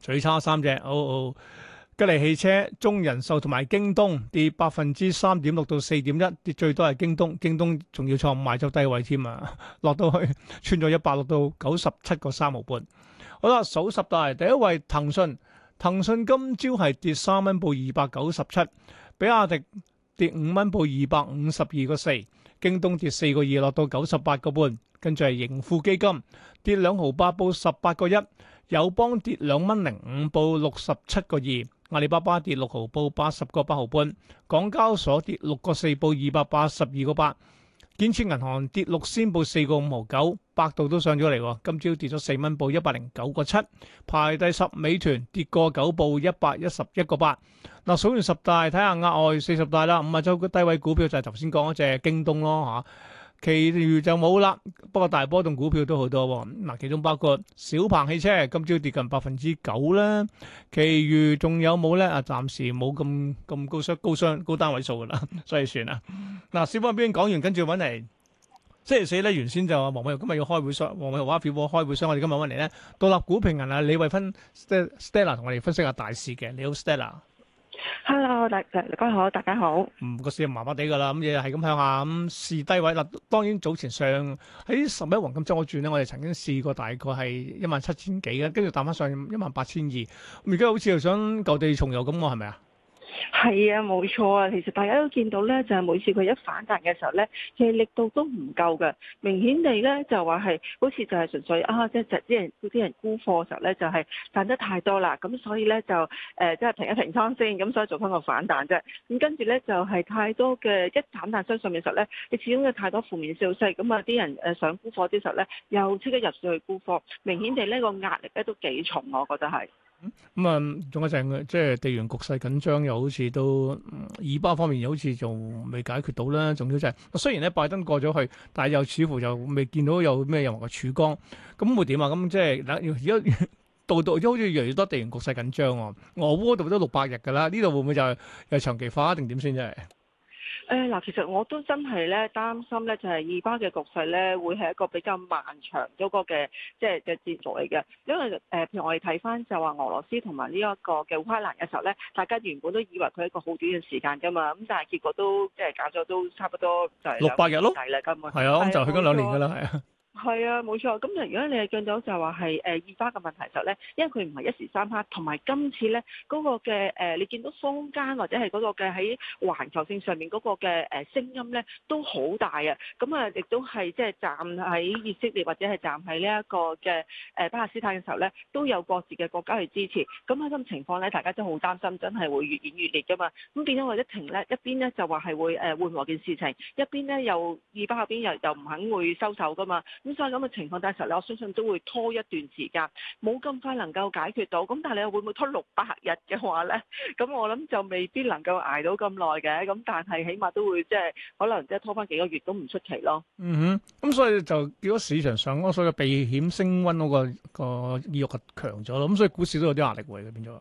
最差三隻，哦哦、吉利汽車、中人壽同埋京東跌百分之三點六到四點一，跌最多係京東，京東仲要創賣咗低位添啊，落到去穿咗一百六到九十七個三毫半。好啦，數十大，第一位騰訊，騰訊今朝係跌三蚊，報二百九十七；比亞迪跌五蚊，報二百五十二個四；京東跌四個二，落到九十八個半；跟住係盈富基金跌兩毫八，報十八個一；友邦跌兩蚊零五，報六十七個二；阿里巴巴跌六毫，報八十個八毫半；港交所跌六個四，報二百八十二個八；建設銀行跌六仙，報四個五毫九。百度都上咗嚟，今朝跌咗四蚊報，一百零九個七，排第十。美團跌過九報，一百一十一個八。嗱，數完十大，睇下額外四十大啦，五啊周嘅低位股票就係頭先講嗰隻京東咯吓，其餘就冇啦。不過大波動股票都好多，嗱，其中包括小鵬汽車，今朝跌近百分之九啦。其餘仲有冇咧？啊，暫時冇咁咁高商高商高單位數噶啦，所以算啦。嗱，小方邊講完，跟住搵嚟。星期四以咧，原先就黃偉耀今日要開會，黃偉耀話 fit 我開會，所以我哋今日翻嚟咧，獨立股評人啊李慧芬 Stella 同我哋分析下大市嘅，你好 Stella。Hello，大誒，你好，大家好。嗯，個市又麻麻地㗎啦，咁日日係咁向下咁、嗯、試低位啦。當然早前上喺十一黃金週我轉咧，我哋曾經試過大概係一萬七千幾嘅，跟住彈翻上一萬八千二。而家好似又想舊地重遊咁喎，係咪啊？係啊，冇錯啊！其實大家都見到呢，就係每次佢一反彈嘅時候呢，其實力度都唔夠嘅，明顯地呢，就話係好似就係純粹啊，即係啲人啲人沽貨嘅時候呢，就係賺得太多啦，咁所以呢，就誒即係停一停倉先，咁所以做翻個反彈啫。咁跟住呢，就係太多嘅一反彈身上面嘅時候呢，你始終有太多負面消息，咁啊啲人誒想沽貨嘅時候呢，又即刻入去沽貨，明顯地呢個壓力呢都幾重，我覺得係。咁啊，仲、嗯、有就係即係地緣局勢緊張，又好似都，以、嗯、巴方面又好似仲未解決到啦。總之就係、是、雖然咧拜登過咗去，但係又似乎就未見到有咩任何嘅曙光。咁會點啊？咁即係而家度度都好似越嚟越多地緣局勢緊張喎。俄烏度都六百日㗎啦，呢度會唔會就係、又長期化定點先即係？誒嗱、哎，其實我都真係咧擔心咧，就係二巴嘅局勢咧，會係一個比較漫長嗰個嘅即係嘅戰局嚟嘅。因為誒、呃，譬如我哋睇翻就話俄羅斯同埋呢一個嘅烏克蘭嘅時候咧，大家原本都以為佢係一個好短嘅時間㗎嘛，咁但係結果都即係搞咗都差不多就係六百日咯，係啦，根本係啊，咁的、嗯、就去嗰兩年㗎啦，係啊。係啊，冇錯。咁如果你係見到就話係誒以巴嘅問題時候咧，因為佢唔係一時三刻，同埋今次咧嗰個嘅誒，你見到坊間或者係嗰個嘅喺環球性上面嗰個嘅誒聲音咧都好大啊。咁啊，亦都係即係站喺以色列或者係站喺呢一個嘅誒巴勒斯坦嘅時候咧，都有各自嘅國家去支持。咁喺咁情況咧，大家都好擔心，真係會越演越烈噶嘛。咁變咗我一停咧，一邊咧就話係會誒緩和件事情，一邊咧又以巴，一邊又又唔肯會收手噶嘛。咁所以咁嘅情況，但係實咧，我相信都會拖一段時間，冇咁快能夠解決到。咁但係你會唔會拖六百日嘅話咧？咁我諗就未必能夠捱到咁耐嘅。咁但係起碼都會即係可能即係拖翻幾個月都唔出奇咯。嗯哼，咁、嗯、所以就如果市場上嗰個避險升溫嗰、嗰個嗰個意欲強咗咯，咁所以股市都有啲壓力喎，而家變咗。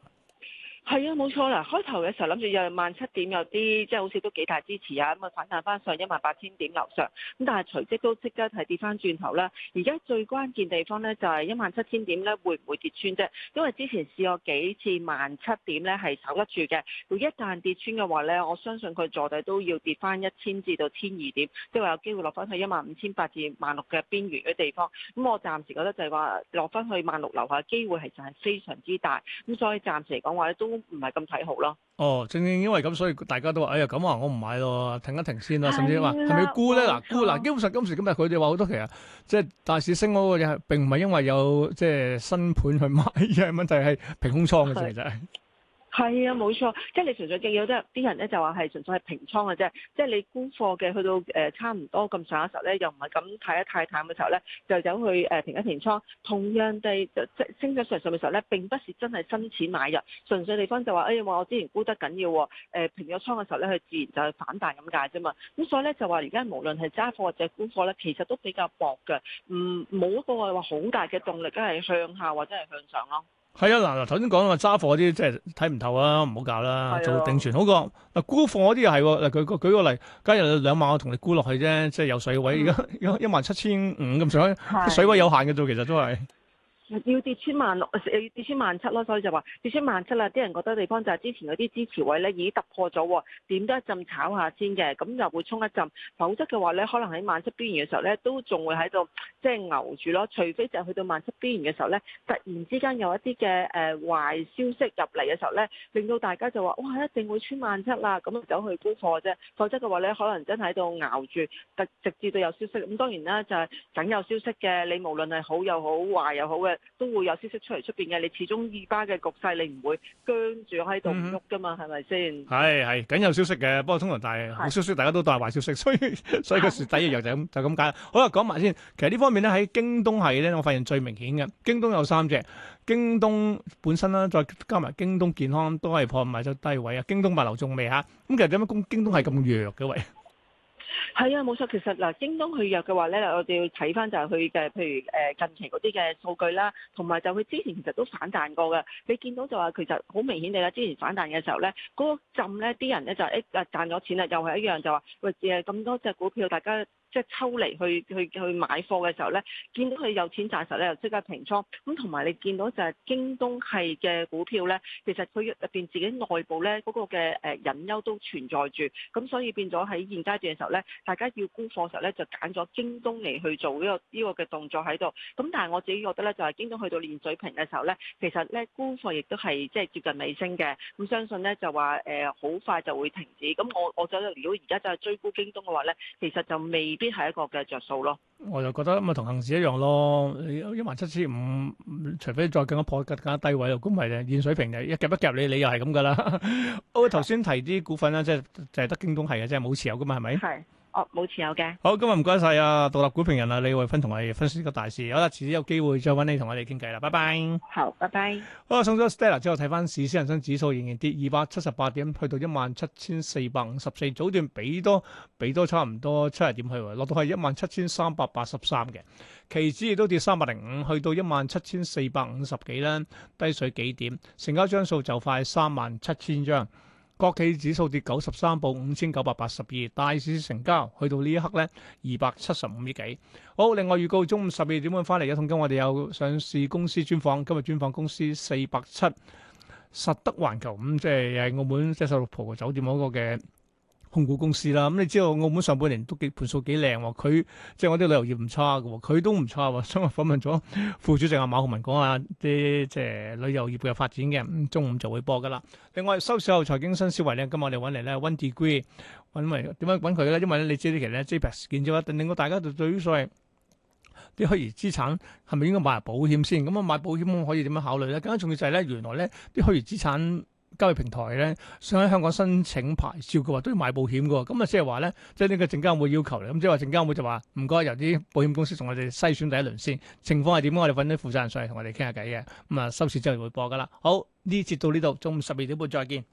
係啊，冇錯啦。開頭嘅時候諗住又萬七點有啲，即係好似都幾大支持啊，咁啊反彈翻上一萬八千點樓上。咁但係隨即都即刻係跌翻轉頭啦。而家最關鍵地方咧就係一萬七千點咧會唔會跌穿啫？因為之前試過幾次萬七點咧係守得住嘅。如果一旦跌穿嘅話咧，我相信佢坐底都要跌翻一千至到千二點，即係話有機會落翻去一萬五千八至萬六嘅邊緣嘅地方。咁我暫時覺得就係話落翻去萬六樓下機會係真係非常之大。咁所以暫時嚟講話咧都，唔係咁睇好咯。哦，正正因為咁，所以大家都話：哎呀，咁啊，我唔買咯，停一停先啦。甚至話係咪要沽咧？嗱的，沽嗱錯，基本上今時今日佢哋話好多其實，即係大市升嗰個嘢，並唔係因為有即係新盤去買，而係問題係平空倉嘅事其實。的係啊，冇錯，即係你純粹見有啲啲人咧就話係純粹係平倉嘅啫。即係你沽貨嘅，去到誒差唔多咁上嘅時候咧，又唔係咁睇得太淡嘅時候咧，就走去誒平一平倉。同樣地，即升咗上上嘅時候咧，並不是真係新錢買入，純粹地方就話誒話我之前沽得緊要，誒、呃、平咗倉嘅時候咧，佢自然就係反彈咁解啫嘛。咁所以咧就話而家無論係揸貨或者沽貨咧，其實都比較薄嘅，唔冇一個係話好大嘅動力都係向下或者係向上咯。係啊，嗱嗱，頭先講啊，揸貨嗰啲即係睇唔透啊，唔好搞啦，的做定存好過。嗱，沽貨嗰啲又係，嗱舉舉個例，假如兩萬我同你沽落去啫，即係有水位，而家一萬七千五咁上下，水位有限嘅，啫其實都係。的 要跌穿萬，要跌穿萬七咯，所以就話跌穿萬七啦。啲人覺得地方就係之前嗰啲支持位咧已經突破咗喎，點都一陣炒一下先嘅，咁就會衝一陣，否則嘅話咧，可能喺萬七邊緣嘅時候咧，都仲會喺度即係熬住咯。除非就去到萬七邊緣嘅時候咧，突然之間有一啲嘅誒壞消息入嚟嘅時候咧，令到大家就話哇一定會穿萬七啦，咁走去沽貨啫。否則嘅話咧，可能真係喺度熬住，特直至到有消息。咁當然啦，就係梗有消息嘅，你無論係好又好壞又好嘅。都會有消息出嚟出面嘅，你始終二巴嘅局勢，你唔會僵住喺度唔喐噶嘛？係咪先？係係梗有消息嘅，不過通常但係冇消息，大家都當係壞消息，所以所以個蝕底嘅藥就咁就咁解啦。好啦，講埋先，其實呢方面咧喺京東係咧，我發現最明顯嘅京東有三隻，京東本身啦，再加埋京東健康都係破唔埋咗低位啊！京東物流仲未吓，咁其實點解公京東係咁弱嘅位？係啊，冇錯，其實嗱，京東去約嘅話咧，我哋要睇翻就係佢嘅，譬如誒近期嗰啲嘅數據啦，同埋就佢之前其實都反彈過嘅。你見到就話其實好明顯地啦，之前反彈嘅時候咧，嗰個浸咧，啲人咧就誒賺咗錢啦，又係一樣就話喂誒咁多隻股票，大家。即係抽嚟去去去買貨嘅時候咧，見到佢有錢賺時候咧，又即刻平倉。咁同埋你見到就係京東係嘅股票咧，其實佢入邊自己內部咧嗰個嘅誒隱憂都存在住。咁所以變咗喺現階段嘅時候咧，大家要沽貨嘅時候咧，就揀咗京東嚟去做呢個呢個嘅動作喺度。咁但係我自己覺得咧，就係京東去到連水平嘅時候咧，其實咧沽貨亦都係即係接近尾聲嘅。咁相信咧就話誒好快就會停止。咁我我走入如果而家就係追沽京東嘅話咧，其實就未。啲係一個嘅着數咯，我就覺得咁咪同恆指一樣咯，一萬七千五，除非再更加破更加低位，咁咪嘅現水平就一夾一夾你，你又係咁噶啦。我頭先提啲股份啦，即係就係、是、得京東係嘅，即係冇持有噶嘛，係咪？係。哦，冇持有嘅。好，今日唔該晒啊！獨立股評人啊，李慧芬同我哋分析呢個大事。好啦，遲啲有機會再揾你同我哋傾偈啦，拜拜。好，拜拜。好，送咗 Star 之後睇翻市，市，先恒生指數仍然跌二百七十八點，去到一萬七千四百五十四，早段比多比多差唔多七十點去，落到係一萬七千三百八十三嘅。期指亦都跌三百零五，去到一萬七千四百五十幾啦，低水幾點？成交張數就快三萬七千張。國企指數，跌九十三報五千九百八十二，82，大市成交去到呢一刻咧二百七十五億幾。好，另外預告中午十二點半翻嚟一桶金，我哋有上市公司專訪，今日專訪公司四百七實德環球，五，即係澳門嗰十六浦嘅酒店嗰個嘅。控股公司啦，咁、嗯、你知道澳門上半年都幾盤數幾靚喎，佢即係我啲旅遊業唔差嘅，佢都唔差喎。今日訪問咗副主席阿馬浩文講下啲即係旅遊業嘅發展嘅，中午就會播嘅啦。另外收市後財經新思維咧，今日我哋揾嚟咧，One Degree 揾嚟點樣揾佢咧？因為你知呢期呢 J.P.S. 見咗一定令到大家就對於所謂啲虛擬資產係咪應該買保險先？咁、嗯、啊買保險可以點樣考慮咧？更加重要就係咧，原來咧啲虛擬資產。交易平台咧想喺香港申請牌照嘅話，都要買保險㗎喎。咁啊，即係話咧，即係呢個證監會要求嚟。咁即係話證監會就話唔該，由啲保險公司同我哋篩選第一輪先。情況係點？我哋揾啲負責人上嚟同我哋傾下偈嘅。咁啊，收市之後會播噶啦。好，呢節到呢度，中午十二點半再見。